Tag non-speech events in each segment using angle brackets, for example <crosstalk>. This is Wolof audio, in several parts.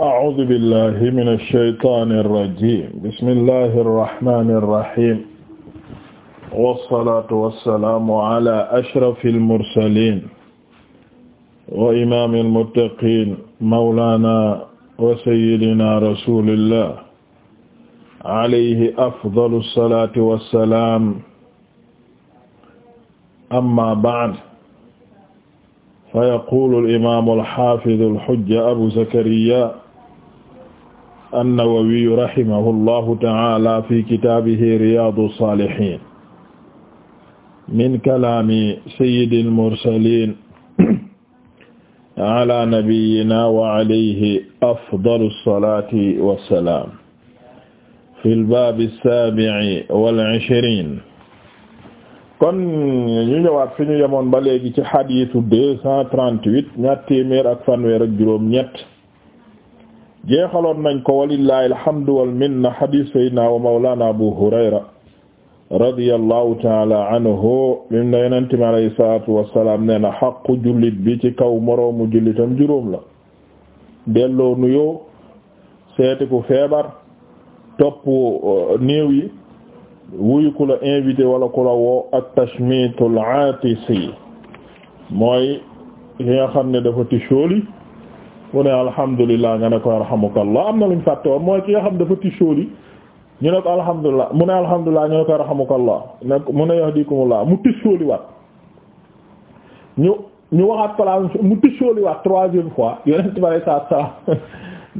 أعوذ بالله من الشيطان الرجيم بسم الله الرحمن الرحيم والصلاة والسلام على أشرف المرسلين وإمام المتقين مولانا وسيدنا رسول الله عليه أفضل الصلاة والسلام أما بعد فيقول الإمام الحافظ الحجة أبو زكريا an-Nawawi rahimahullahu ta'ala fi kitaabihi Riyaadu Saalihiin min kalaami sayyidil mursaliin ala nabiyyina wa alayhi afdalu salaati wa salaam fil baabi saabi'i wal ishriin kon ñu ñëwaat fi ñu yemoon ba léegi ci xadiisu deux cent trente-huit ñaar téeméer ak fanweer ak juróom ñett jeexaloon nañ ko walillahi alhamdu wal minna hadith sayyidina abu hurayra radiyallahu taala anhu mim na mi alayhi salatu wasalaam nee na jullit bi ci kaw moroomu jullitam juróom la delloo nuyoo seeti ku feebar topp euh, néew yi ku la invité wala ku la woo ak tashmitul aatisi mooy ki nga xam ne dafa tisóoli mu ne alhamdulilah nga ne ko yarhamukallah am na luñ fàtte woon mooy ki nga xam dafa tisool yi ñu ne ko alhamdulilah mu ne alhamdulilah ko yarhamukallah ne mu ne yahdikumullah mu tisooli waat ñu mu tisooli waat troisième fois yonent bi alayhi salaatu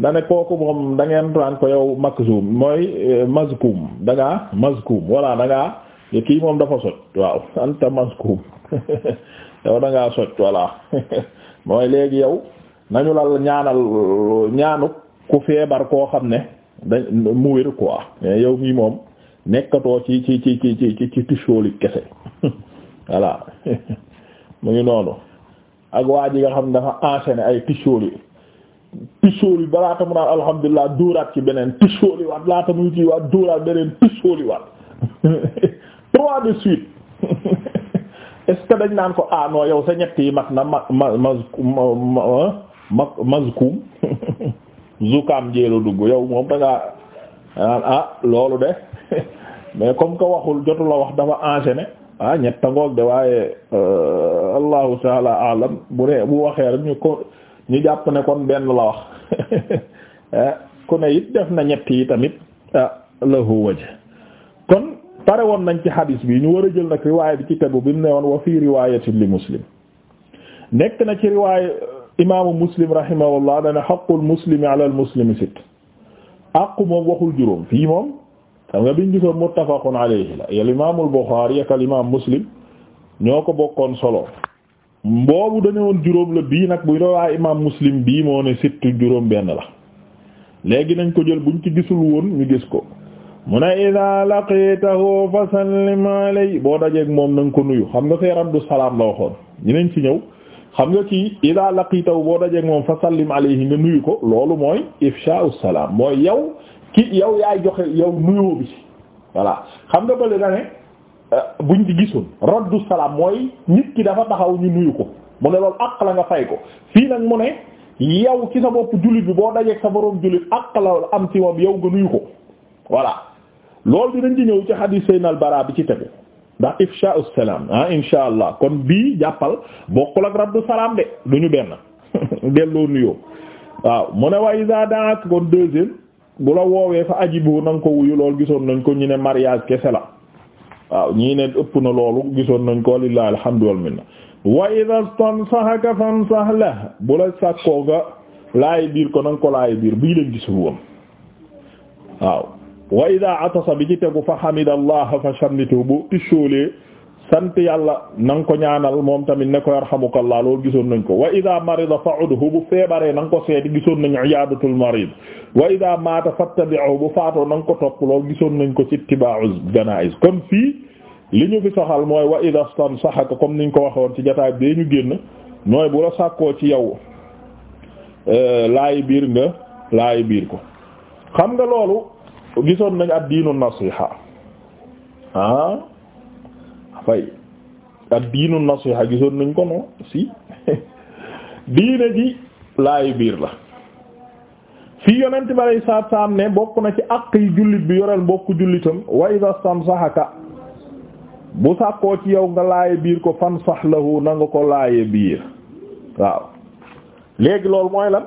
wa <laughs> ne kooku moom da ngeen daan ko yow makzum mooy eh, mazkum da ngaa mazkum voilà da ngaa eh, moom dafa sot waaw <laughs> anta mazkum <laughs> yow da mooy léegi yow. nañu lal ñaanal ñaanu ku feebar koo xam ne dañ mu wér quoi mais yow mii moom nekkatoo ci ci ci ci ci ci tisooli kese voilà mu ngi noonu ak waa ji nga xam ne dafa enchaîné ay tisooli tisooli balaata mu naan alhamdulilah dóoraat ci beneen tisooli waat laata muy ci waat dóoraat beneen tisooli waat trois de suite est que dañ naan ko ah yow sa ñett yi mat na ma ma ma ma mazkum <laughs> zukam jéelu dugg yow moom da ngaa ah loolu de <laughs> mais comme que waxul jotu la wax dafa enchaîné ah ñett ngoog de waaye euh, allahu taala alam bu ne bu waxee rek ñu ko ñu jàpp ne kon benn la wax <laughs> eh, ku ne it def na ñett yi tamit ah lahu wajh kon pare woon nañ ci hadis bi ñu war a jël nag riwaay bi ci tegu bi mu ne woon wa fii riwaayatin li muslim nekk na ci riwaay imaamu muslim rahimahullah dana xaqul muslimi alal muslimi sit àqu moom waxul juróom fii moom xam nga biñ gisoon muttafaqun alayhi la al imaamul Buxaari ak al imaam muslim ñoo ko bokkoon solo boobu dañu woon juróom la bii nag bu doon imaam muslim bii moo ne sit juróom benn la léegi nañ ko jël buñ ci gisul woon ñu gis ko mu ne idaa laqitahu fa sallim alayhi boo dajeeg moom nañ ko nuyu xam nga feeram du salaam la waxoon ñi nañ ci ñëw xam nga kii ida laqitaw boo dajeeg moom fa sallim alayhi nga nuyu ko loolu mooy ifsha'u salaam mooy yow ki yow yaay joxe yow nuyoo bi voilà xam nga bële da ne euh, buñ di gisoon raddu salaam mooy nit ki dafa taxaw ñu nuyu ko mu ne loolu àq la nga fay ko fii nag mu ne yow ci sa bopp jullit bi boo dajeeg sa borom jullit àq la am ci moom yow nga nuyu ko voilà loolu dinañ ci ñëw ci hadith Seynal Bara bi ci tegu. ndax ifsha as-salaam ah insha allah kon bii jàppal bokkul ak raddu salaam de du ñu benn <laughs> delloo nuyoo waaw mu ne wa iza da'ak kon deuxième bu la woowee fa ajibu na nga ko wuyu lool gisoon nañ ko ñu ne mariage kese la waaw ñii ne ëpp na loolu gisoon nañ ko lillahi alhamdu wal la bu la sàkkoo biir ko na nga ko laay biir bii lañ gisul woon waaw wa ida atasa bi ci tegu fa hamidallaha fa shammitu bu tichoolee sant yàlla na nga ko ñaanal moom tamit ne ko yarhamukallah loolu gisoon nañ ko wa ida marida fa'udhu bu feebaree na nga ko seeti gisoon nañ iyadatul marid wa ida maata fattabi'u bu faatoo na ko topp gisoon nañ ko ci tibaa'u janaa'iz kon fii li ñu fi soxal mooy wa ida stansahaka comme niñ ko waxoon ci jotaay bee ñu génn mooy bu la sàkkoo ci yow euh, laay biir nga laay biir ko xam nga loolu gisoon nañ ad diinu nasiha ah fay ad diinu nasiha gisoon nañ ko non si <laughs> diine ji laayu biir la fii yonent bi alay saat saam ne bokk na ci àq yi jullit bi yoreel bokk jullitam wa idha samsahaka bu sàkkoo ci yow nga laaye biir ko fan sax lahu na nga ko laaye biir waaw léegi loolu mooy lan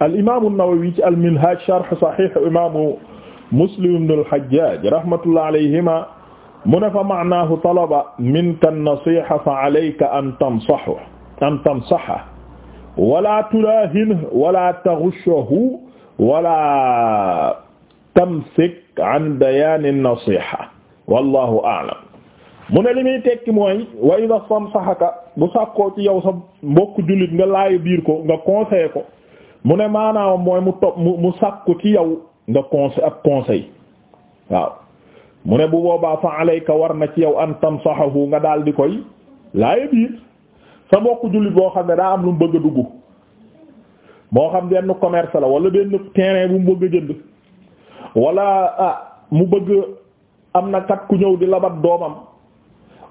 al imaamu Nawawi ci al minhaj sharh sahih imaamu Muslim ibn al-Hajjaj rahmatullah alayhima mu ne fa ma'naahu talaba minka an-nasiha fa alayka an tansahu an tansaha wala tulaahinhu wala taghushahu wala tamsik an bayaan an-nasiha wallahu a'lam mu ne li muy tekki mooy wa idha samsahaka bu sàkkoo ci yow sa mbokk jullit nga laayu biir ko nga conseillé ko mu ne maanaam mooy mu topp mu sàkku ci yow nga conseil ak conseil waaw mu ne bu boobaa fa alayka war na ci yow an tansahahu nga daal di koy laaya biir sa mbokk jullit boo xam ne daa am lu mu bëgg a dugg moo xam benn commerce la wala benn terrain bu mu bëgg a jënd wala ah mu bëgg am na kat ku ñëw di labat doomam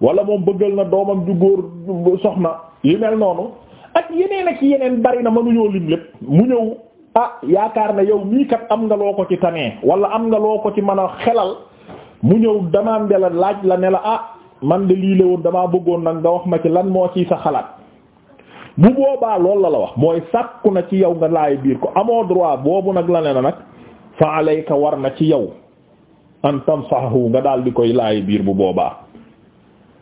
wala moom bëggal na doomam ju góor soxna yu mel noonu ak yeneen ak yeneen bari na mënuñoo lim lépp mu ñëw ah yaakaar na yow mii kat am nga loo ko ci tanee wala am nga loo ko ci mën a xelal mu ñëw demande la laaj la ne la ah man de lii la woon damaa bëggoon nag nga wax ma ci lan moo ciy sa xalaat bu boobaa loolu la la wax mooy sàkku na ci yow nga laay biir ko amoo droit boobu nag la ne na nag fa alayka war na ci yow an tansahu nga daal di koy laay biir bu boobaa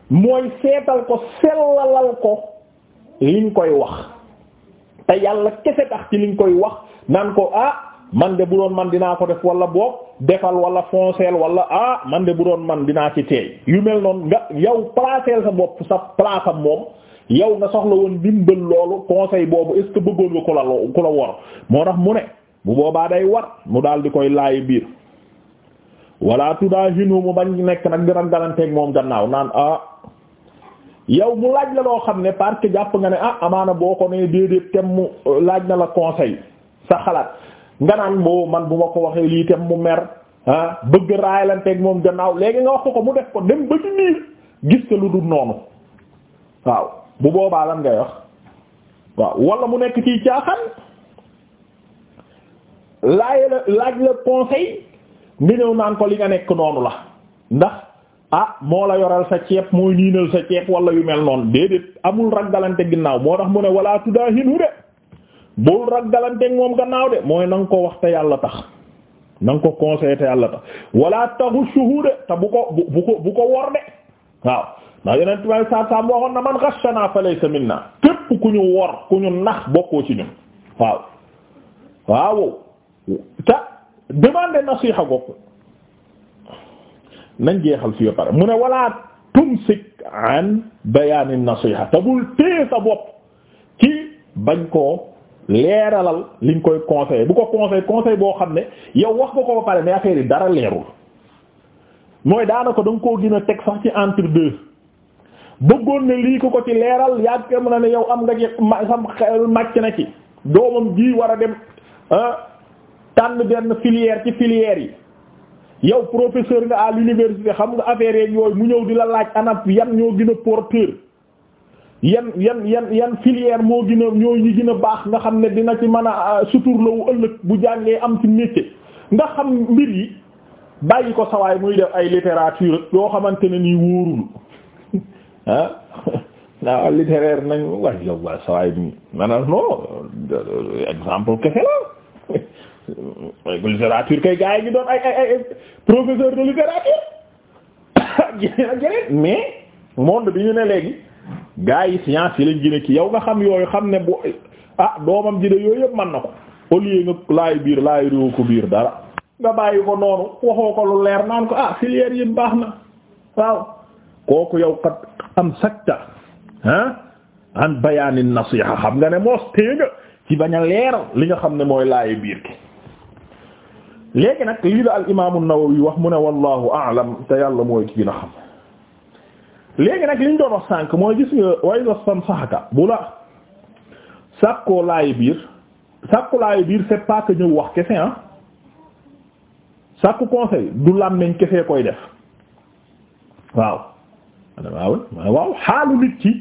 mooy seetal ko sellalal ko liñ koy wax te yàlla kese tax ci liñ koy wax naan ko ah man de bu doon man dinaa ko def wala boog defal wala fonceel wala ah man de bu doon man dinaa ci teey yu mel noonu nga yow placeel sa bopp sa place am moom yow nga soxla woon dimbal loolu conseil boobu est ce que bëggoon nga ku la wor moo tax mu ne bu boobaa day war mu daal di koy laayi biir wala tudahinu mu bañ nekk nag gëran galanteeg moom gannaaw naan ah yow mu laaj la loo xam ne parce jàpp nga ne ah amaana boo ko ne déedéet tem mu laaj na la conseil sa xalaat nga naan boo man bu ma ko waxee lii tam mu mer ah bëgg raayalanteeg moom gannaaw léegi nga wax ko ko mu def ko dem ba ci niir gis te lu dul noonu waaw bu boobaa lan ngay wax waaw wala mu nekk ciy caaxaan laaj la laaj la conseil nga ñëw naan ko li nga nekk noonu la ndax ah moo la yoral sa ceeb mooy niinal sa ceeb wala yu mel noonu déedéet amul ragalante ginnaaw moo tax mu ne wala tuddaahinu de bul raggalanteeg moom gannaaw de mooy na ko wax te yàlla tax na ko conseillé te yàlla tax wala taxu suhu de te bu ko bu ko bu ko wor de waaw ndax yeneen tubaab yi saa mu waxoon na man ghashana fa laysa minna képp ku ñu wor ku ñu nax bokkoo ci ñun waaw. waaw te demande nasiha gopp nañ jeexal fii ba pare mu ne wala tumsik an bayaani nasiha te bul téye sa bopp ci bañ koo. leeralal liñ koy conseil bu ko conseil conseil boo xam ne yow wax ko ko ba pare mais affaire yi dara leerul mooy daanako da nga koo gën a teg sax ci entre deux bëggoon ne lii ko ko ci leeral yàgg mën na ne yow am nga ci sam xel na ci doomam ji war a dem ah, tànn benn filière ci filière yi yow professeur nga à l'université xam nga affaire yooyu mu ñëw di la laaj anaf yan ñoo gën a porteur yan yan yan yan filière moo gën a ñooy ñi gën a baax nga xam ne dina ci mën a euh, suturlawu ëllëg bu jàngee am ci métier nga xam mbir yi bàyyi ko sawaay muy def ay littérature yoo xamante ne nii wóorul <laughs> ah <laughs> waaw littéraire nañ waay yow waa sawaay bi maanaam non exemple kese la <laughs> littérature kay gars yi ñu doon ay ay ay professeur de <coughs> mais monde bi ñu ne léegi gars yi science yi lañ gën a ki yow nga xam yooyu xam ne bu ah doomam ji de yooyu yëpp mën na ko au lieu nga laay biir laay réew ko biir dara nga bàyyi ko noonu waxoo ko lu leer naan ko ah filière yi baax na waaw kooku yow kat am sakta ah an bayaani nasiha xam nga ne moos tée nga ci bañ leer li nga xam ne mooy laayi biir ki léegi nag lii la al imaamu Nawawi wax mu ne wallahu a'lam te yàlla mooy ki gën xam léegi nag liñ doon wax sànk mooy gis nga way wastan saxaka bu la sàkkoo laay biir sàkku laay biir c'est pas que ñëw wax kese ah sàkku conseil du làmmiñ kese koy def waaw waaw waaw xaalu nit ci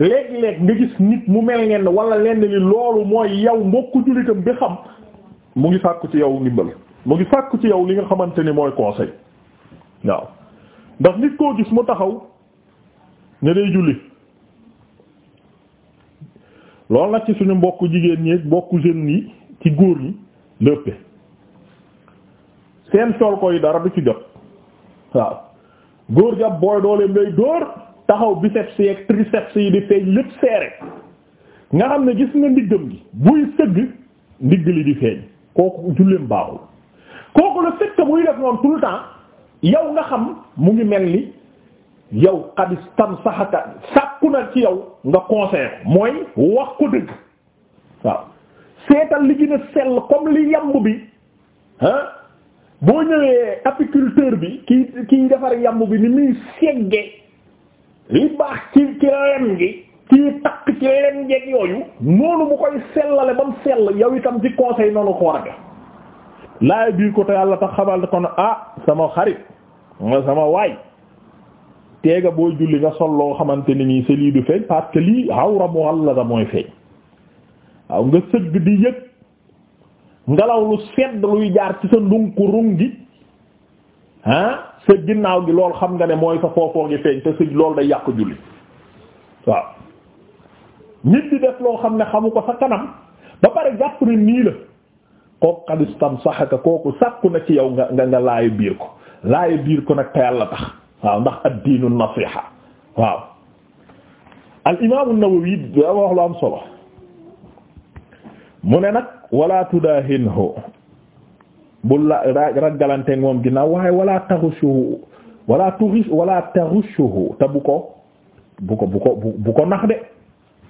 léeg-léeg nga gis nit mu mel ngeen wala lenn li loolu mooy yow mbokku jullitam bi xam mu ngi sàkku ci yow ndimbal mu ngi sàkku ci yow li nga xamante ni mooy conseil waaw ndax nit koo gis mu taxaw ne day julli loolu nag ci suñu mbokku jigéen ñi mbokku jeunes yi ci góor ñi lépp seen sol koy dara du ci jot waaw góor gi ab booy dooleem lay dóor taxaw biceps yi ak triceps yi di feeñ lépp seere nga xam ne gis nga ndiggam gi buy sëgg ndigg li di feeñ kooku julleem baaxul kooku la fekk buy def noonu tout le temps yow nga xam mu ngi mel ni yow xadis tam saxaka sàkku na ci yow nga conseil mooy wax ko dëgg waaw seetal li gën a sell comme li yamb bi ah boo ñëwee apiculteur bi ki kiy defar yamb bi ni muy segge li baax ci ci lem gi kii takk ci lem jeeg yooyu noonu bu koy sellale ba sell yow itam ci conseil noonu ko war a def laay bii ko te yàlla tax xamal kon ah sama xarit nga sama waay teega booy julli nga sol loo xamante ni nii c'est lii du feeñ parce que lii awra mughallada mooy feeñ waaw nga sëgg di yëg ngelaw lu sedd luy jaar ci sa ndunku run gi ah sa ginnaaw gi lool xam nga ne mooy sa foofoo ngi feeñ te sëgg loolu day yàqu julli waaw nit di def loo xam ne xamu ko sa kanam ba pare jàpp ne nii la kooku xadistam saxaka kooku sàkku na ci yow nga nga laayu biir ko laayu biir ko nag te yàlla tax waaw ndax ad-diinu nasiha waaw al imaam an-Nawawi da wax lu am solo mu ne nag wala tudaahinhu bul la raggalante moom ginnaaw waaye wala taghushuhu wala tughish wala taghushuhu te bu ko bu ko bu ko bu ko nax de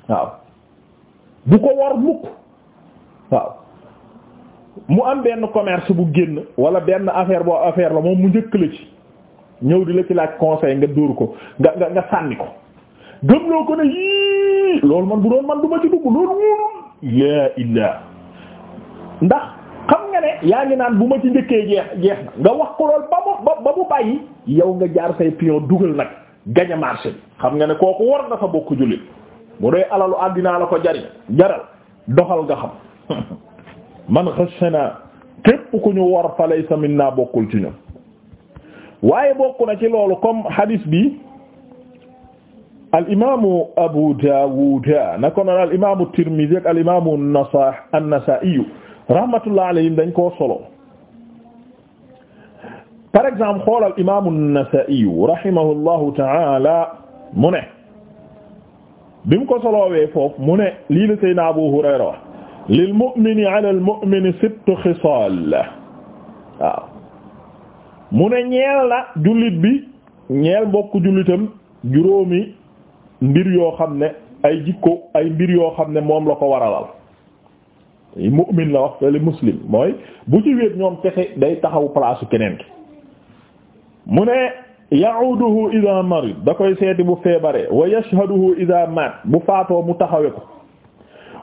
waaw bu ko war mukk waaw mu am benn commerce bu génn wala benn affaire boo affaire la moom mu njëkk la ci ñëw di la ci laaj conseil nga dóor ko nga nga nga sànni ko gëmloo ko ne yii loolu man bu doon man du ma ci dugg loolu wóorul laa illaa ndax xam nga ne yaa ngi naan bu ma ci njëkkee jeex jeex na nga wax ko lool ba mu ba mu bàyyi yow nga jaar say pion dugal nag gañ a xam nga ne kooku war nga fa bokk jullit bu dee alalu àddinaa la ko jariñ jaral doxal nga xam <laughs> man xëcc naa képp ku ñu war fa laysa minna bokkul ci ñun waaye bokk na ci loolu comme hadis bi al imaamu Abu Dawud na ko noon al imaamu Tirmidhi ak al imaamu Nasah an-Nasa'i rahmatullah dañ koo solo par exemple xoolal imaamu an-Nasa'i rahimahullahu ta'ala mu ne bi mu ko solowee foofu mu ne lii la Abu Hurayra lil mu'mini ala al mu'mini sittu xisaal mu ne ñeel na jullit bi ñeel mbokku jullitam juróomi mbir yoo xam ne ay jikko ay mbir yoo xam ne moom la ko waralal mu'min la wax te li muslim mooy bu ci wéet ñoom kese day taxaw place keneen ki mu ne ya'uduhu idha marid da koy seeti bu feebaree wa yashhaduhu idha mat bu faatoo mu taxawe ko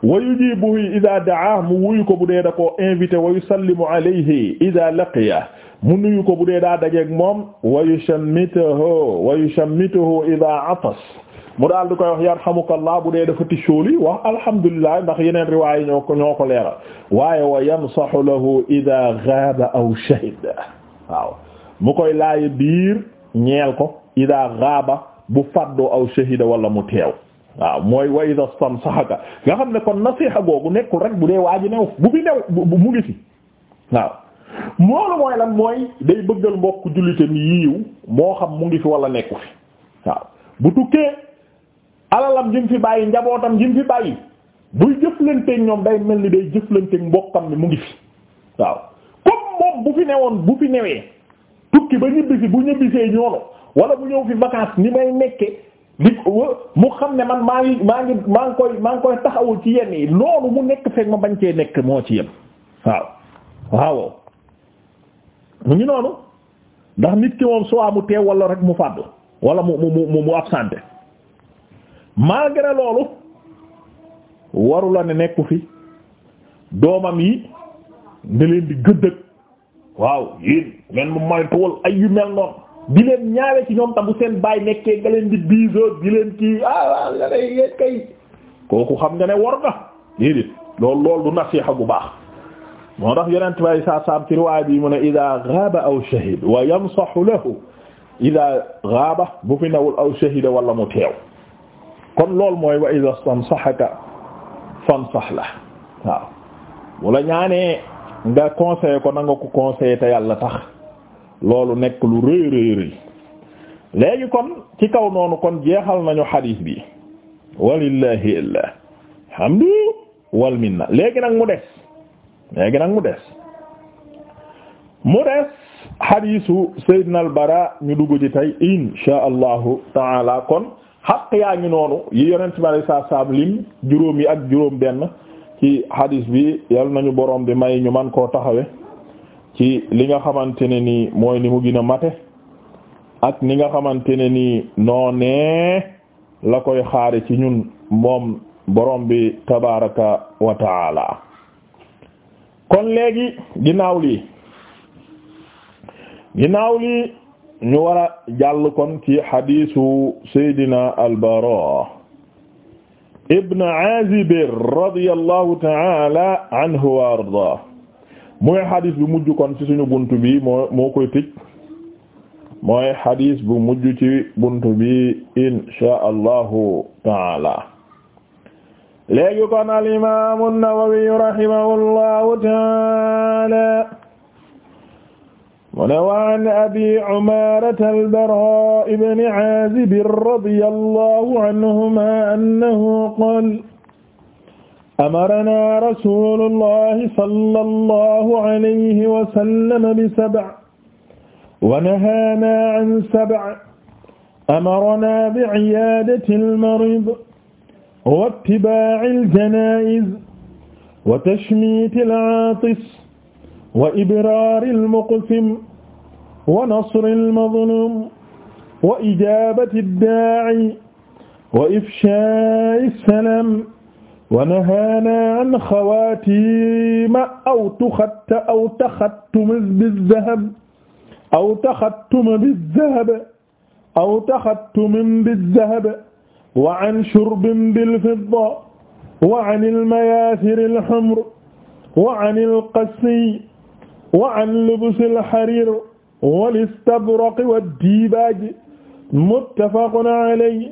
wa yujibuhu idha da'ah mu wuyu ko bu dee da koo invité wa yusallimu alayhi idha laqiya mu nuyu ko bu dee daa dajeeg moom wa yushammituhu wa yushammituhu idha atas mu daal di koy wax yarhamukallah bu dee dafa tisóoli wax alhamdulillah ndax yeneen riwaay ñoo ko ñoo ko leeral waaye wa yansahu lahu idha aw shahida waaw mu koy laay biir ñeel ko idha ghaba bu faddoo aw shahida wala mu teew waaw mooy wa idha stamsahaka xam ne kon nasiha googu nekkul rek bu dee waa bu bi new mu ngi fi moolu mooy lan mooy day bëggal mbokk jullitam yiiw moo xam mu ngi fi wala nekku fi waaw bu tukkee alalam jim fi bàyyi njabootam jim fi bàyyi buy jëflanteeg ñoom day mel ni day jëflanteeg mbokkam ni mu ngi fi waaw comme moom bu fi newoon bu fi newee tukki ba ñibbisi bu ñibbisee ñoono wala bu ñëw fi vacances ni may nekke mu xam ne man maa ngi maa ngi maa ngi koy maa ngi koy taxawul ci yenn yi loolu mu nekk fekk ma bañ cee nekk moo ci yem waaw waaw mu ngi noonu ndax nit ki moom soit mu teew wala rek mu fàddu wala mu mu mu mu absenté malgré loolu warula ne nekku fi doomam yi da leen di gëddëg waaw yéen ngeen ay yu mel noonu di leen ñaawe ci ñoom ta bu seen baay nekkee nga leen di biseau di leen kii ah, ah nga ne kooku xam nga ne war na déedéet loolu loolu du nasiixa bu baax moo tax yonent bay saa saam ci bi mu ne ida gaaba aw shahid wa yansahu lahu ida gaaba aw shahida wala mu teew kon loolu mooy wa ida stansahaka fansah la waaw bu la ñaanee ko na nga ko conseillé te yàlla tax loolu nekk lu rëy rëy rëy léegi kon ci kaw noonu kon jeexal nañu xadiis bi walillahi alhamdu wal minna léegi nag mu des léegi nag mu des mu des xadiisu Seydina al-Bara ñu dugg ci tey insha allahu taala kon xaq yaa ngi noonu yi yonent bi alay saa saam lim juróom yi ak juróom benn ci xadiis bi yal nañu borom bi may ñu man koo taxawe ci li nga xamante ne nii mooy ni mu gën a mate ak ni nga xamante ne nii noonee la koy xaare ci ñun moom boroom bi tabaraka wa taala kon léegi ginnaaw lii ginnaaw lii ñu war a jàll kon ci xadiisu Seydina al-Baraa ibn Aazib radiyallahu ta'ala anhu wa ardaa mooy xadiis bu mujj kon ci suñu bunt bi moo koy tëj mooy xadiis bu mujj ci bunt bi insha allahu ta'ala léegi kon al imaamu an-Nawawi rahimahullahu ta'ala mu ne wa an abi umaarata al-Baraa ibn Aazib radiyallahu anhumaa annahu qaala amaranaa rasuulullahi sallallahu alayhi wa sallam bi sab'in wa nahaanaa an sab'in amaranaa bi ciyaadati al-mariid wa ittibaa'i al-janaa'iz wa tashmiiti al-'aatis wa ibraari al-muqsim wa nasri al-mazluum wa ijaabati ad-daa'i wa ifshaa'i as-salaam wa nahaanaa 'an xawaatiima aw tuxatta aw taxattuma bi-dhahab aw taxattuma bi-dhahab aw taxattuma bi-dhahab wa an shurbin bil fidda wa an al mayathir al humr wa an al qassi wa an lubus al harir wal istabraq wad dibaaj muttafaqun alayhi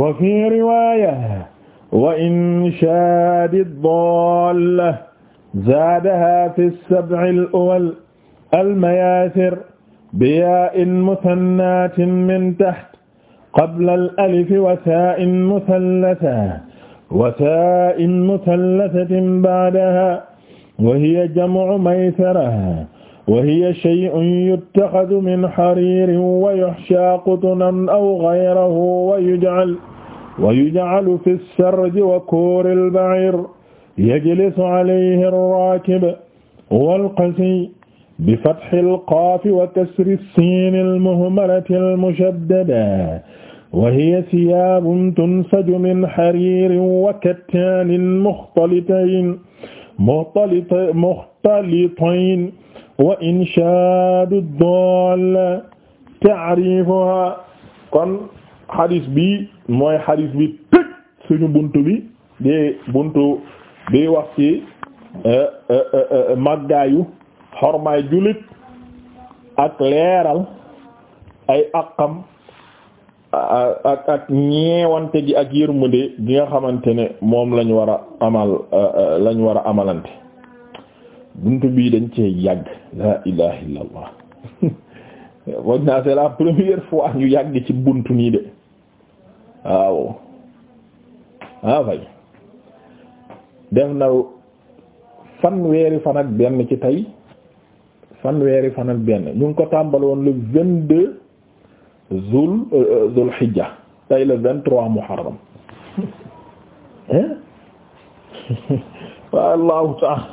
wa fi riwaaya wa inshaadi daalla zaadahaa fi sab'il awwal al mayaasir bi yaa'in musannaatin min taht qabla al-alifi wa taa'in muthallatatin wa taa'in muthallatin ba'dahaa wa hiya jam'u maysara wa hiya shay'un yuttakhadhu min hariirin wa yuhshaa qutunan aw ghayrahu wa yuj'alu wa yuj'alu fi as-sarji wa kuuri al-ba'iir yajlisu alayhi ar-raakib wal-qasiy bi fathi al-qaaf wa kasri as-siin al-muhmalati al-mushaddada wa hiya siyaabun tunsaju min hariirin wa kattaanin mukhtalitayn mukhtalitayn wa inshaadu daal ta'rifuhaa kon xadis bi mooy xadis bi tëj suñu buntu bi di buntu bi wax ci eh, eh, eh, màggaayu xormaay jullit ay aqam ak ak ñeewante gi ak yërmande gi nga xamante ne moom lañ war a amal lañ war a amalante bunt bii dañ cee yàgg la ilaha illallah <laughs> foog la première fois ñu yàgg ci bunt nii de waaw ah fay def na fanweeri fan ak benn ci tey fanweeri fan ak benn ñu ngi ko tàmbaloon le vingt zul euh, euh, zul xijja tey le vingt trois muharram <laughs> <laughs> waaw allahu taala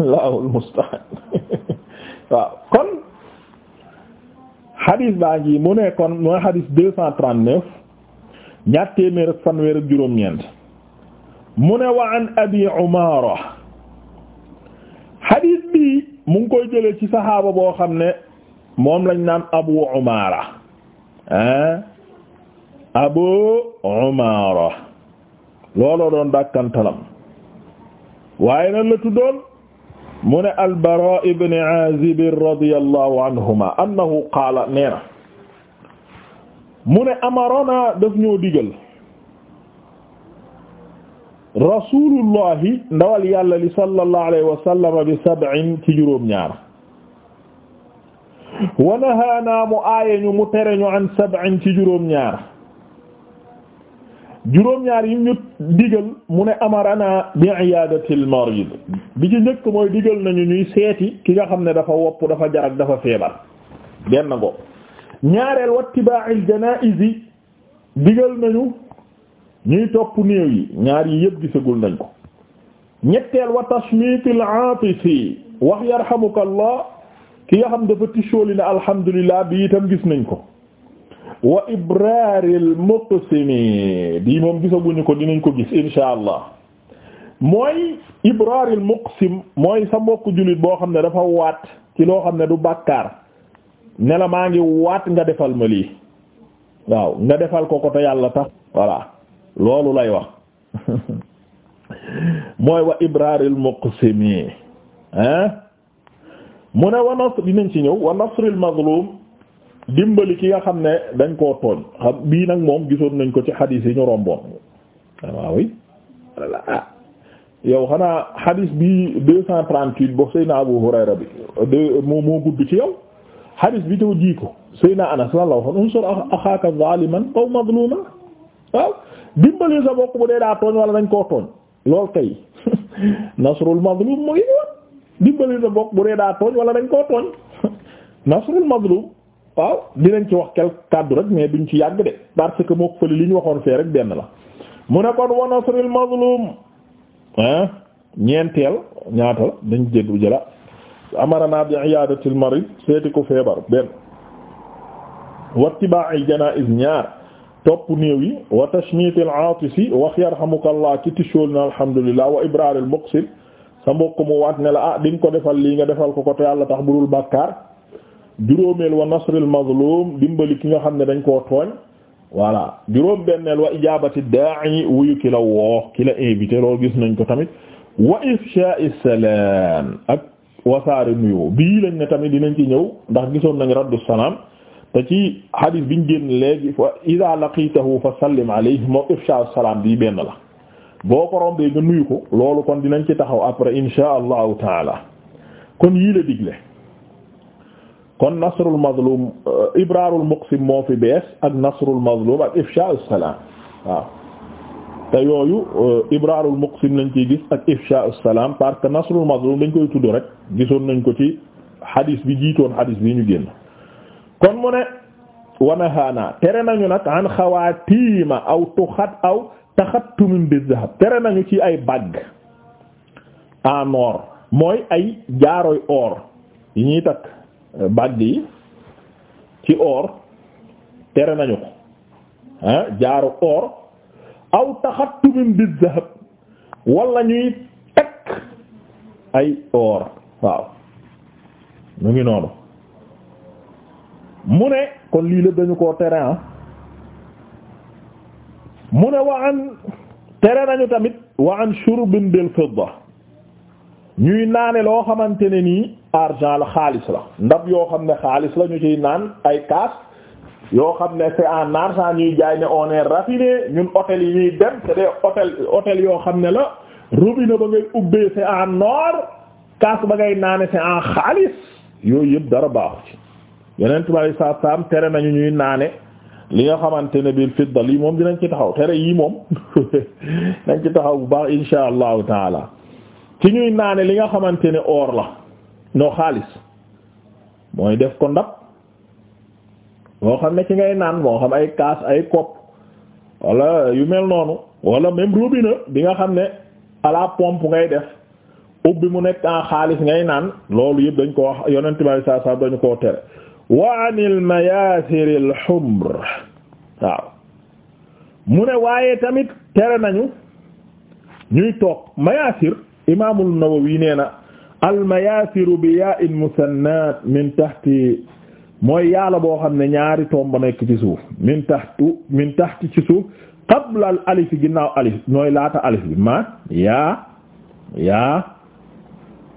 allahul musta'an <laughs> waaw kon xadis baa ngi mu ne kon mooy xadis deux cent trente neuf ñaar juróom-ñeent mu ne wa an abi umara xadis bi mu koy jëlee ci saxaaba boo xam ne moom lañ naan abu umara Abu Umaara looloo doon dàkkantalam waaye nan la tuddoon mu ne al-Baraa ibn Aazib radiyallahu anhuma annahu qaala nee na mu ne amaranaa daf ñoo digal rasuulullahi ndawal yàlla li sallallahu alayhi wa sallam bi sab'in ci juróom ñaar wa nahaanaa mu aaya ñu mu tere ñu an sab'in ci juróom-ñaar juróom-ñaar yi ñu digal mu ne amarana bi iyaadatil marid bi ci njëkk mooy digal nañu ñuy seeti ki nga xam ne dafa wopp dafa jarak dafa feebar benn go ñaareel wattibaa'il janaa'iz digal nañu ñuy topp néew yi ñaar yi yëpp gisagul nañ ko ñetteel wa tashmiitil aatis wax yarhamukallah ki nga xam dafa tisóoli na alhamdulilah bi itam gis nañ ko wa ibraril muqsimi bii moom gisaguñu ko dinañ ko gis insha allah mooy ibraril muqsim mooy sa mbokk jullit boo xam ne dafa waat ci loo xam ne du bàkkaar ne maa ngi waat nga defal ma lii waaw nga defal ko ko te yàlla tax voilà loolu lay wax <laughs> mooy wa ibraril muqsimi hein mu ne wa nasr nañ ci ñëw wa nasril mazlum dimbali ki nga xam ne dañ koo tooñ xam bii nag moom gisoon nañ ko ci xadiis yi ñu romboon waaw oui ah. yow xanaa xadiis bi deux cent trente-huit bo Seydina Abu Hurayra bi de moo gudd ci yow xadiis bi taw jii ko Seydina Anas lan la waxoon unsur axaaka zaliman aw mazluma waaw dimbali sa bokk bu dee daa tooñ wala dañ koo tooñ lool kay <laughs> nasrul mazlum mooy dimbali na bokk bu dee daa tooñ wala dañ koo tooñ <laughs> nasrul mazlum waaw dinañ ci wax quelque kàddu rek mais duñ ci yàgg de parce que moo fële li ñu waxoon fee rek benn la mu ne kon wa nasrul mazlum ñeenteel ñaata la dañ jëdu jëla amarana bi iyadatil marid seeti ko yi wa tashmitil wax yarhamukallah ci tisool na alhamdulillah wa ibraril muqsit sa mbokk mu waat ne la ah di nga ko defal lii nga defal ko ko te yàlla tax budul bàkkaar juróomeel wa nasril mazlum dimbali ki nga xam ne dañ koo tooñ voilà juróom benneel wa ijabati da'i wuyu ki la woo invité loolu gis nañ ko tamit wa ifsha'is salam ak wasaare nuyu bii lañ ne tamit dinañ ci ñëw ndax gisoon nañ raddu salaam te ci hadith biñ génn léegi fa idha laqitahu fa sallim alayhi moo ifsha'us bii benn la boo ko rombee nga nuyu loolu kon dinañ ci taxaw après insha allahu taala kon yii la digle kon nasrul mazlum euh, ibraarul muqsim moo fi bees ak nasrul mazlum ak ifshaa'u salaam waaw te yooyu euh, muqsim lañ gis ak ifshaa'u salaam parce que nasrul mazlum dañ koy tudd rek gisoon nañ ko ci xadis bi jiitoon xadis bi ñu génn kon mu ne wanahaana tere nañu nag an xawaatiima aw tuxat aw taxattumin bi zahab tere nañu ci ay bag anoor mooy ay jaaroy or yi ñuy takk bague yi ci or tere nañu ko jaaru or aw taxattumin bi zahab wala ñuy takk ay or waaw mu ngi noonu mu ne kon lii la dañu koo tere ah mu ne wa an tere nañu tamit wa an shurbin bil fidda ñuy naane loo xamante ne nii argent la xaalis la ndab yoo xam ne xaalis la ñu ciy naan ay kaas yoo xam ne c'est en argent ñuy jaay ne on est ñun hôtel yi ñuy dem c'est des hôtel hôtel yoo xam ne la robinet ba ngay ubbee c'est en or kaas ba ngay naane c'est en xaalis yooyu yëpp dara baaxu ci yeneen tubaab yi saam tere nañu ñuy naane. li nga xamante ne biir fidda lii moom dinañ ci taxaw tere yii moom dinañ <laughs> ci taxaw bu baax insha allahu taala ci ñuy naane li nga xamante ne or la ñoo xaalis mooy def ko ndab moo xam ne ki ngay naan moo xam ay kaas ay kopp wala yu mel noonu wala même robinet bi nga xam ne à la pompe ngay def ubbi mu nekk en xaalis ngay naan loolu yëpp dañ ko wax bi sallallahu alayhi wasallam dañu koo tere wa an al-mayaasir al-humr waaw mu ne waaye tamit tere nañu ñuy toog mayaasir imaam an-Nawawi nee na al-mayaasir bi yaa'in musannaat min tahti mooy yàlla boo xam ne ñaari tomb nekk ci suuf min tahtu min tahti ci suuf qabla al-alif ginnaaw alif ñooy laata alif bi ma yaa yaa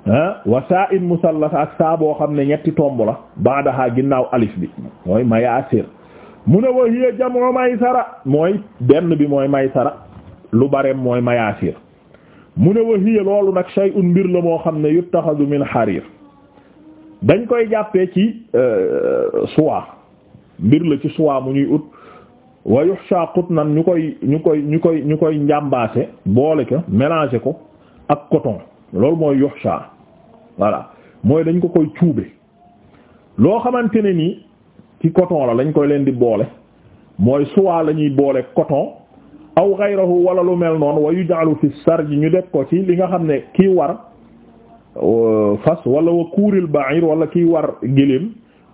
Ah, wa sa'in musallasa ak saa boo xam ne ñetti tomb la ba'daha ginnaaw alif bi mooy mayaasir mu ne wa hiya jam'u maysara mooy benn bi mooy maysara lu bareem mooy mayaasir mu ne wa hiya loolu nag say shay'un mbir la moo xam ne yuttaxadu min xariir dañ koy jàppee ci euh, soie mbir la ci soie mu ñuy ut wa yuhsha qutnan ñu koy ñu koy ñu koy ñu koy njàmbaase boole ko mélanger ko ak coton loolu mooy yuhsha voilà mooy dañ ko koy cuube loo xamante ne nii ci coton la lañ koy leen di boole mooy soit la ñuy boole coton aw ghayrahu wala lu mel noonu wa yuj'alu fi sarj ñu def ko ci li nga xam ne kii war euh, fas wala wa kuuril ba'ir wala kii war gëléem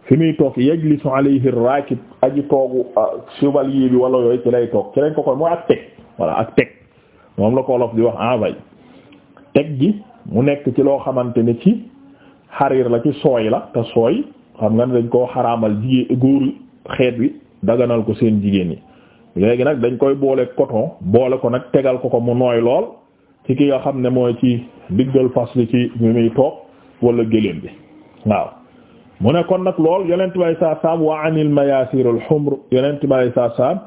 fi muy toog yajlisu alayhi ar-rakib aji toogu ah, chevalier bi wala yooyu ci lay toog ci lañ ko koy mooy ak teg voilà ak teg moom la ko wolof di wax envay teg gi mu nekk ci loo xamante ne ci xariir la ci sooy la te sooy xam nga ne dañ koo xaraamal jigéen góor xeet wi daganal ko seen jigéen ñi léegi nag dañ koy boole coton boole ko nag tegal ko ko mu nooy lool ci ki nga xam ne mooy ci diggal fas bi ci ñu muy toog wala gëléem bi waaw mu ne kon nag lool yonent bay saa saam wa anil mayasirul humr yonent bay saa saam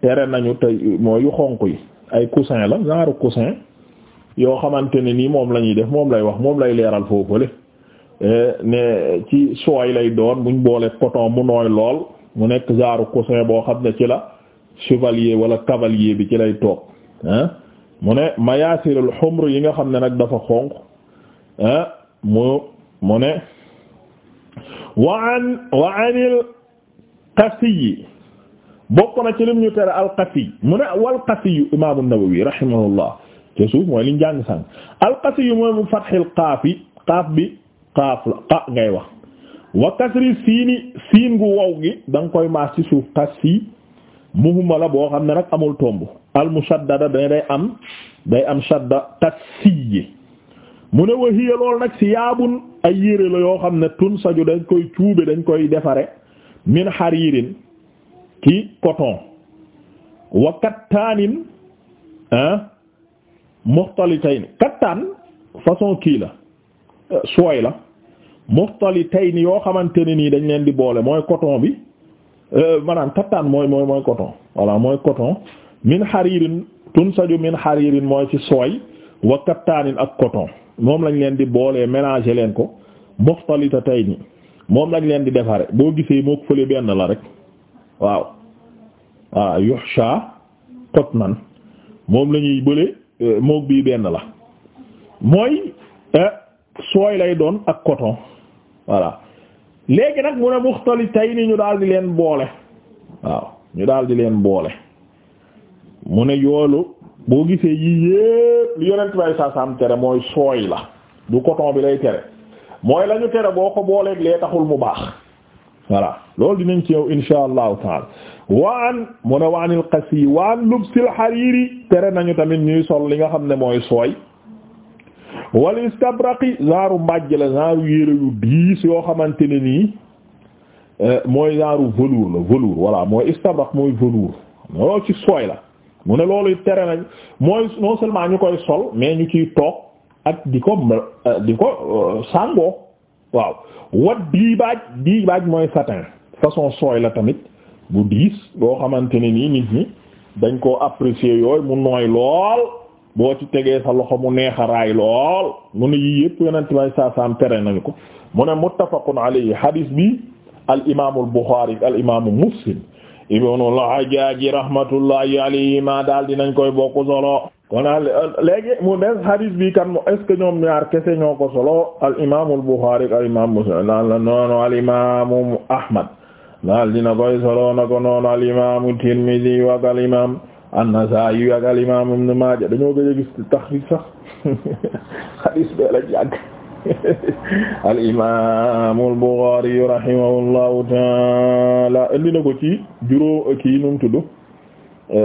tere nañu tey mooy yu xonq yi ay coussin la genre coussin yoo xamante ne nii moom la ñuy def moom lay wax moom lay leeral foofule eh, ne ci sooy lay doon buñ boole coton mu nooy lool mu nekk genre coussin boo xam ne ci la chevalier wala cavalier bi ci lay toog mu ne mayaasirul xumr yi nga xam ne nag dafa xonq ah mu mu ne waan waanil qasiyi bokk na ci lim ñu tere al qasiy mu ne wal qasiyu imaamu Nawawi rahimahullah ca suuf mooy liñ jàng sànq alqasi yu mooy mu fatxil qaaf yi qaaf bi qaaf la qa ngay wax wa kasri siini siin gu wow gi da koy maas ci suuf kas yi mu la boo xam ne rek amul tomb al mushaddada da day am day am shadda tas siyi mu ne wa hiya lool nag si yaabun ay yére la yoo xam ne tun saju dañ koy cuube dañ koy defare min haririn ci coton wa kattaanin ah muxtalitayni kattaan façon kii la sooy la yi muxtalitayni yoo xamante ne nii dañ leen di boole mooy coton bi euh, maanaam kattaan mooy mooy mooy coton voilà mooy coton min xariirin tunsaju min xariirin mooy ci sooy wa kattaanin ak coton moom lañ leen di boolee mélanger leen ko muxtalitayni moom lañ leen di defare boo gisee moo fële benn la rek waaw waaw yuhsha qatnan moom lañuy bële Euh, moog bii benn la mooy euh, sooy lay doon ak coton voilà léegi nag mu ne ni ñu daal di leen boole waaw ñu daal di leen boole mu ne yoolu boo gisee yii yépp li yonent bay saasaam tere mooy sooy la du coton bi lay tere mooy la tere boo ko booleeg lee taxul mu baax voilà loolu dinañ ci yow insha allahu taala waan mu ne waanil xas yi waan lubsil xariiri tere nañu tamit ñuy sol li nga xam ne mooy sooy wal istabraqi genre mbàjj la genre yére yu diis yoo xamante ne nii eh, mooy genre velours la velours voilà mooy istabraq mooy velours loolu ci sooy la mu ne loolu tere nañ mooy non seulement ñu koy sol mais ñu ciy toog ak di ko eh, di ko eh, sàngoo waaw wat diibaaj diibaaj mooy satin façon sooy la tamit bu diis boo xamante ne nii nit ñi dañ ko apprécier yooyu mu nooy lool boo ci tegee sa loxo mu neex a raay lool mu ne yii yëpp yonent may saa saam tere nañu ko mu ne muttafaqun alayhi hadis bi al imaamu al buxaari al imaamu muslim ibnul hajjaaj rahmatullahi alayhima daal dinañ koy bokk solo. kon léegi mu des hadis bi kan mu est ce que ñoom ñaar kese ñoo ko solo al imaamu al buxaari al imaamu muslim non non al imaamu ahmad. daal dina koy solo na ko noonu al imaamu Tirmidi wa al imaam An-Nasaa'i wa al imaam Ibn Maaja dañoo gëj a gis <laughs> <laughs> ko ci juróom kii nu mu tudd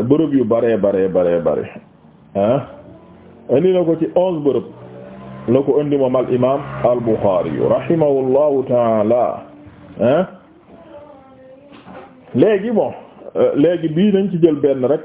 bërëb yu bare bare bare bare ah na ko ci onze bërëb la ko indi moom al imaam al-Buxaari rahimahullahu léegi bon euh, léegi bii nañ ci jël benn rek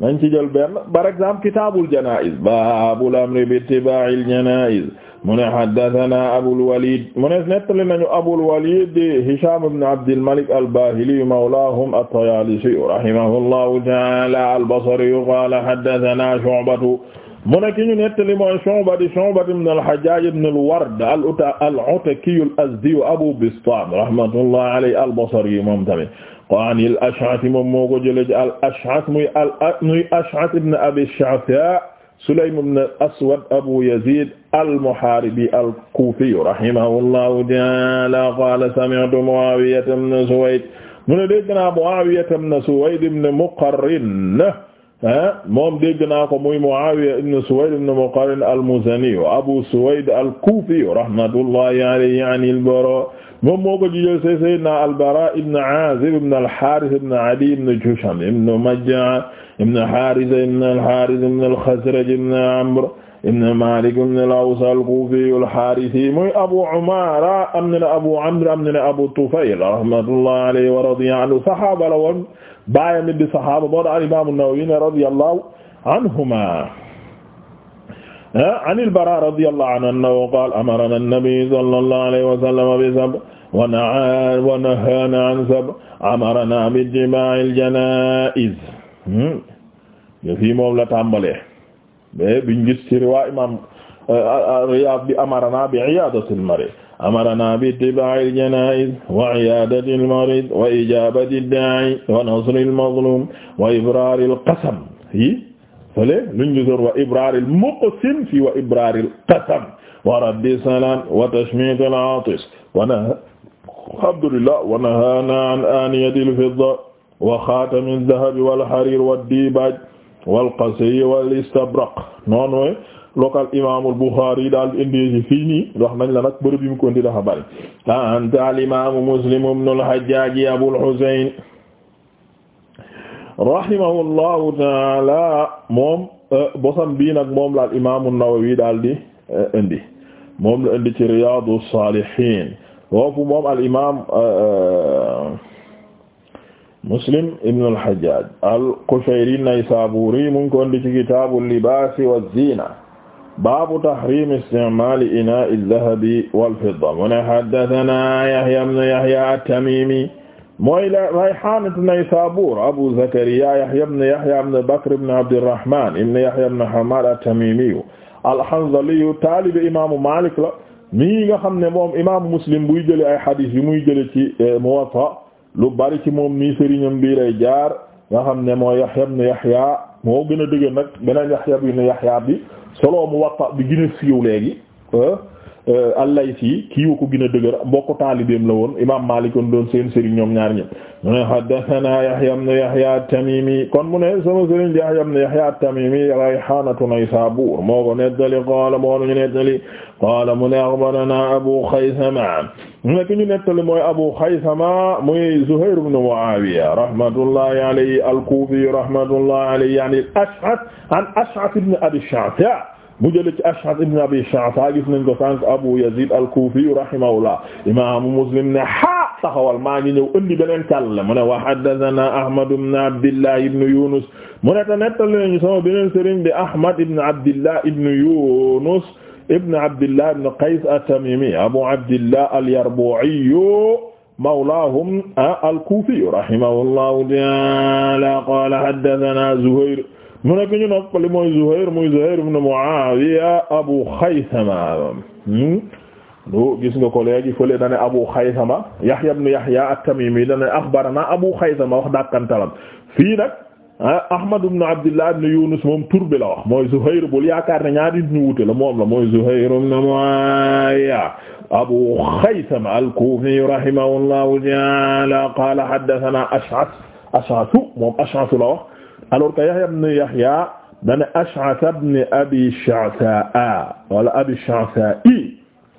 nañ ci jël benn par exemple kitaabul janaa'iz baabul amri bi ittibaa'il janaa'iz mu ne haddathana abul walid mu ne nettali nañu abul walid hisham ibn abdil malik al bahili mawlaahum at-tayaalisi rahimahullahu ta'aala al basri qaala haddathana shu'batu mu ne ki ñu nettali mooy Shu'ba di Shu'ba ibn al-Hajjaj ibn al-Ward al-Ataki al-Azdi Abu Bistam rahmatullahi alayhi al-Basri moom tamit qaani al-Ash'ath moom moo ko jëlee ci al-Ash'ath muy al-Ash'ath ibn Abi Sha'tha Sulaym ibn al-Aswad Abu Yazid al-Muharibi al-Kufi rahimahullahu ta'ala qala sami'tu Mu'awiya ibn Suwayd mu ne dégg naa Mu'awiya ibn Suwayd ibn Muqarrin moom dégg naa ko muy Muawiya ibn Suwayd ibn Muqarrin al-Muzani Abu Suwayd al-Kufi rahmatullahi alayhi an al-Bara moom moo ko jijël se Sayyidina al-Bara ibn Azib ibn al-Harith ibn Adi ibn Jusham ibn Maj'a ibn Harith ibn al-Harith ibn al-Khazraj ibn Amr ibn Malik ibn al-Aws al-Kufi al-Harisi muy Abu Umara am na ne Abu Amr am na ne Abu Tufayl rahmatullahi alayhi wa radiya anhu saxaaba la woon baayam it di saxaaba boo tax al-Imam an-Nawawi ne radiyallahu anhuma ah, an al-Bara radiyallahu anhu annahu qaala amarana an-nabi sallallahu alayhi wa sallam bi sab wa nahana an sab amarana bi ijtima'il janaa'iz hmm? fii moom la tàmbalee mais biñ gis ci riwaa imam euh, Riyaad bi amarana bi iyaadatil marid amarana bi ittiba'il janaa'iz wa iyaadatil marid wa ijaabatid daa'i wa nasril mazluum wa ibraaril qasam yi fële luñ gisoon wa ibraaril muqsim fii wa ibraaril qasam wa raddi salaam wa tashmiitil aatis wa nahaa alhamdulillah wa nahaanaa an aaniyatil fidda wa xaatamiz zahabi wal hariir wad dibaaj wal qasiy wal istabraq noonu local indi fii nii la nag bërëb yu mu ko indi bari anta al imaamu Muslim ibnul Hajjaaj Abul Husayn rahimahullahu taala moom euh, bosam bii nag moom la al imaamu Nawawi daal di euh, indi la indi ci Riyaadu al imaam euh, Muslim ibn al-Hajjaj al-Qushayri an-Naysaburi mu ngi ko indi ci kitaabu libaas wa ziina baabu tahriim isti'maali inaa'i az-zahabi wal-fidda mu ne haddathanaa Yahya ibn Yahya at-Tamiimi mooy Rayhaanatu Naysabur Abu Zakariya Yahya ibn Yahya ibn Bakr ibn Abdirrahmaan ibn Yahya ibn Hammaad at-Tamiimiyu al-Hanzaliyu taalibe imaamu Maalik la mi nga xam ne moom imaamu Muslim buy jëlee ay hadiis yu muy jëlee ci eh, Muwatta lu bari ci moom mii sëriñam bii lay jaar nga xam ne moo Yahya ibn Yahya moo gën a dëgg nag beneen Yahya ibn Yahya bi solo Muwatta bi gën a siiw léegi ah. Euh, al-Laysi kii wa ko gën a dëgër bokk taalibeem la woon imaam Maalik kon doon seen sëriñ ñoom ñaar ñi mu ne haddathana Yahya ibn Yahya at-Tamimi kon mu ne sama sëriñ Yahya ibn Yahya at-Tamimi rayhanatu Naysabur moo ko nettali qaala moo ñu nettali qaala mu ne akhbarana Abu Khaysama ne ki ñu nettali mooy Abu Khaysama muy Zuhayr ibn Muawiya rahmatullahi alayhi al-Kufi rahmatullahi alayhi yani al-Ash'ath an Ash'ath ibn Abi Sha'tha mu jële ci Ash'ath ibn Abi Sha'tha gis nañ ko sànq Abu Yazid al-Kufi rahimahullah imaamu Muslim ne ha taxawal maa ngi ñëw indi beneen càll mu ne wa haddathana Ahmad ibn Abdillah ibn Yunus mu ne te nettali nañu sama beneen sëriñ bi Ahmad ibn Abdillah ibn Yunus ibn Abdillah ibn Qays at-Tamimi Abu Abdillah al-Yarbu'i mawlahum ah, al-Kufi rahimahullah ta'ala qala haddathana Zuhair mu nekk ñu noppali mooy Zuhayr muy Zuhayr ibn Muawiya Abu Khaythama hmm? do gis nga ko léegi fële dane Abu Khaythama Yahya ibn Yahya at-Tamimi dane akhbarana Abu Khaythama wax dàkkantalam fii nag ah, Ahmad ibn Abdillah ibn Yunus moom tur bi la wax mooy Zuhayr bul yaakaar ne ñaari nit ñu wute la moom la mooy Zuhayr ibn Muawiya Abu Khaythama al-Kufi rahimahullahu ta'ala qala haddathana Ash'ath Ash'ath moom Ash'ath la wax alors que Yahya ibn Yahya dane Ash'ath ibn Abi Sha'tha'a wala Abi Sha'tha'i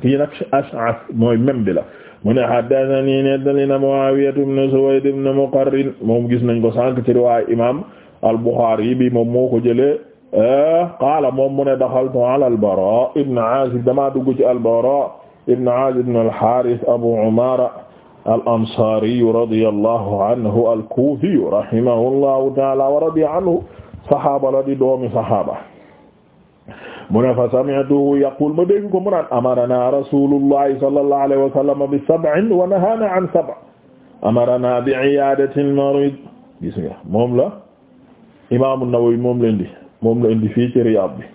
kii nag Ash'ath mooy même bi la mu ne haddathani nettali na Mu'awiya ibn Suwayd ibn Muqarrin moom gis nañ ko sànq ci riwaaya imam al-Bukhari bi moom moo ko jëlee eh, qaala moom mu ne daxaltu ala al-Bara ibn Azib damaa dugg ci al-Bara ibn Azib ibn al-Harith Abu Umara al ansaariyu radiyallahu anhu al kuufiyu rahimahullahu taala wa radiya anhu saxaaba la di doomi saxaaba mu ne fa sami'tuhu yaqul ma dégg ko mu naan amarana rasulullahi sallallahu alayhi wa sallam bi sab'in wa nahana an sab' amarana bi iyaadati al marid gis nga moom la imaamu Nawawi moom la indi moom la indi fii ci Riyaad bi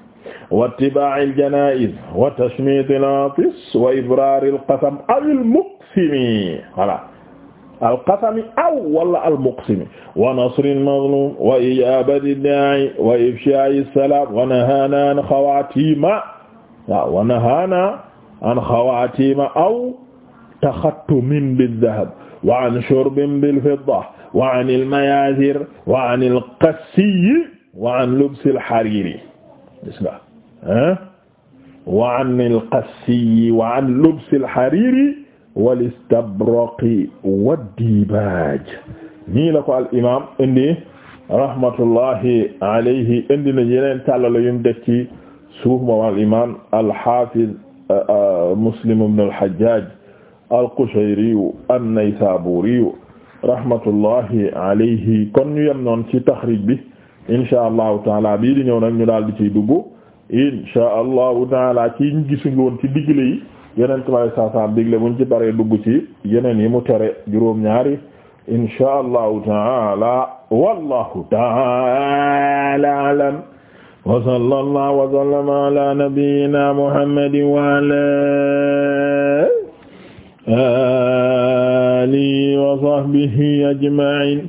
wa ittibaa'i al-janaa'iz wa tashmiit al-'atis wa ibraar al-qasam aw al-muqsimi voilà al-qasami aw wala al-muqsimi wa nasri al-mazluum wa ijaabati ad-daa'i wa ifshaa'i as-salaam wa nahaanaa an xawaatiima wa nahaanaa an xawaatiima aw taxattumin bi-dhahab wa an shurbin bil-fidda wa an al-mayaazir wa an al-qassi wa an lubsi al-hariir gis nga ah wa an al-qassi wa an lubs al-hariri wal istabraqi wad-dibaaj nii la ko al imaam indi rahmatullahi alayhi indi na yeneen tàllala yum def ci suuf moom al imaam al-haafiz euh, euh, muslim ibn al-hajjaaj al-qushayri an-naysaabuuri rahmatullahi alayhi kon ñu yem noon ci taxriij bi insha allahu taala bii di ñëw nag daal di ciy dugg insha allahu taala ci ñu gisuñu woon ci digle yi yeneen tubaab saa saa digle buñ ci baree dugg ci yeneen yi mu tere juróom-ñaari insha allahu taala wallahu taala alam wa sallallahu wa sallama ala nabiyyina wa ala alihi wa sahbihi ajma'in